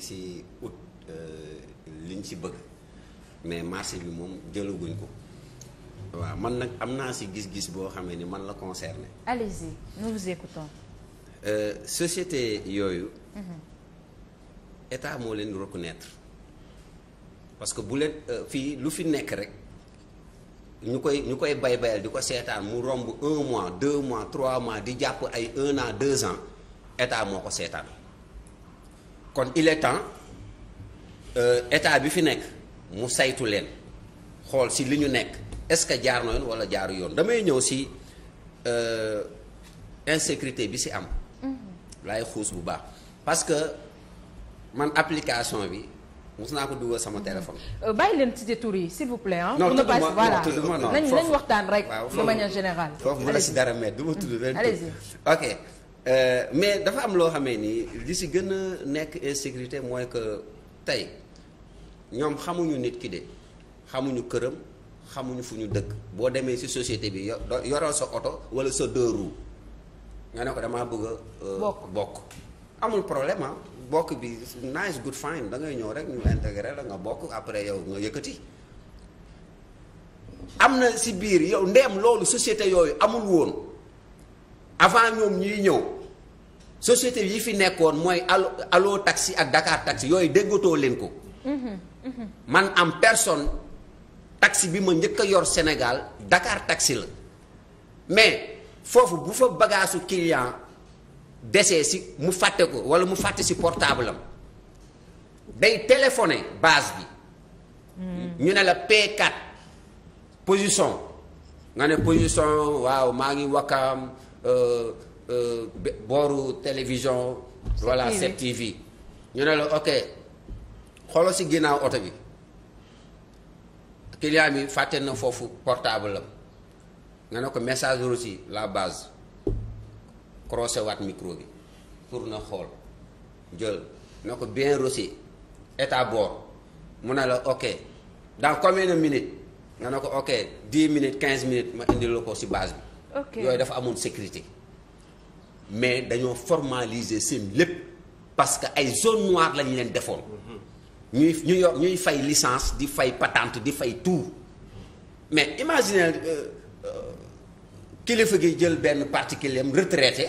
di si ut euh, liñ si bëgg mais marché bi moom jëlaguñ ko waaw man nag am naa si gis-gis boo xamee ni man la concerné. allez-y nous vous écoutons. Euh, société yooyu. Mhm. état moo leen reconnaître parce que bu euh, fii lu fi nekk rek ñu koy ñu koy bay bayal di ko seetaan mu romb un mois deux mois trois mois di jàpp ay un an deux ans état moo ko seetaan. kon il est temps euh, état bi fi nekk mu saytu leen xool si li ñu nekk est-ce que jaar na yoon wala jaaru yoon damay ñëw si euh, insécurité bi si am. Mm-hmm. laay xuus bu baax parce que man application bi. mos naa ko dugal sama mm-hmm. téléphone. Euh, bàyyi leen ci tur yi s'il vous plaît. ah pour ne waxtaan rek. de manière générale. foofu mën na si dara mais du ma tudd benn ok. Euh, mais dafa am loo xamee ni li si gën a nekk insécurité mooy que tey ñoom xamuñu nit ki de xamuñu këram xamuñu fu ñu dëkk boo demee si société bi yoroo sa oto wala sa deux nga ne ko damaa bëgg a euh, bokk amul problème ah bokk bi nice good fine da ngay ñëw rek ñu intégré la nga bokk après yow nga yëkkati am na si biir yow ndeem loolu société yooyu amul woon avant ñoom ñuy ñëw société yi fi nekkoon mooy allo allo taxi ak Dakar taxi yooyu déggatoo leen ko. man am personne taxi bi ma njëkk a yor Sénégal Dakar taxi la mais foofu bu fa bagaasu client desee si mu fàtte ko wala mu fàtte si portable am day téléphoné base bi. Hmm. ñu ne la P4 position nga ne position waaw maa ngi wakkaam. Euh, Euh, booru télévision voilà 7TV ñu ne la ok xoolal si ginnaaw oto bi client bi fàtte na foofu portable am nga ne ko message reçu la base croisé waat micro bi pour na xool jël na ko bien reçu état bord mu ne la ok dans combien de minutes nga ne ko ok 10 minutes quinze minutes ma indi la ko si base bi. ok yooyu dafa amul sécurité. mais dañoo formaliser seen lépp parce que ay zone noire lañu leen defoon ñuy ñu yor ñuy fay licence di fay patente di fay tout mais imagine euh, euh, kilifa gi jël benn particulier retraité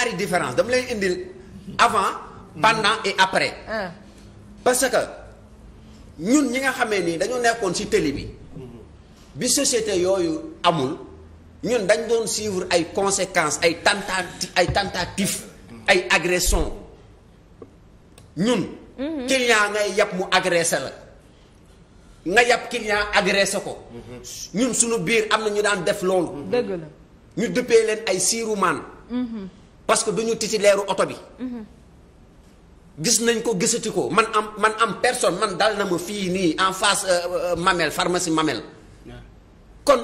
ñaari différence dama leen indil avant pendant et après ah. parce que ñun ñi nga xamee nii dañoo nekkoon ci tëli bi bi société yooyu amul ñun dañ doon suivre ay conséquences ay tentati ay tentatives ay ñun mhm. client ngay yàpp mu agressé la nga yàpp client agressé ko mhm. ñun suñu biir am na ñu daan def loolu ñu duppee leen ay siirumaan mhm. parce que du ñu titulaire oto bi. Mhm. gis nañ ko gisati ko man am man am personne man dal na ma fii nii en face euh, euh, Mamel pharmacie Mamel. kon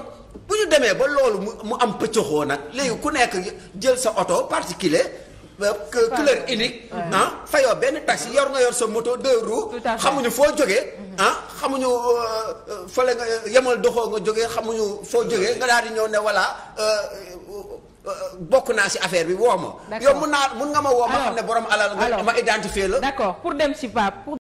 bu ñu demee ba loolu mu am pëccëxoo nag léegi ku nekk jël sa oto particulier euh, couleur unique ah fayoo benn taxi yor nga yor sa moto deux roues xamuñu foo jógee mhm. ah xamuñu fële nga yemal doxoo nga jógee xamuñu foo jóge nga daal di ñëw ne voilà bokk naa si affaire bi woo ma. yow mun naa mun nga ma woo ma xam ne borom alal nga ma identifier la. d'accord pour dem si Pape.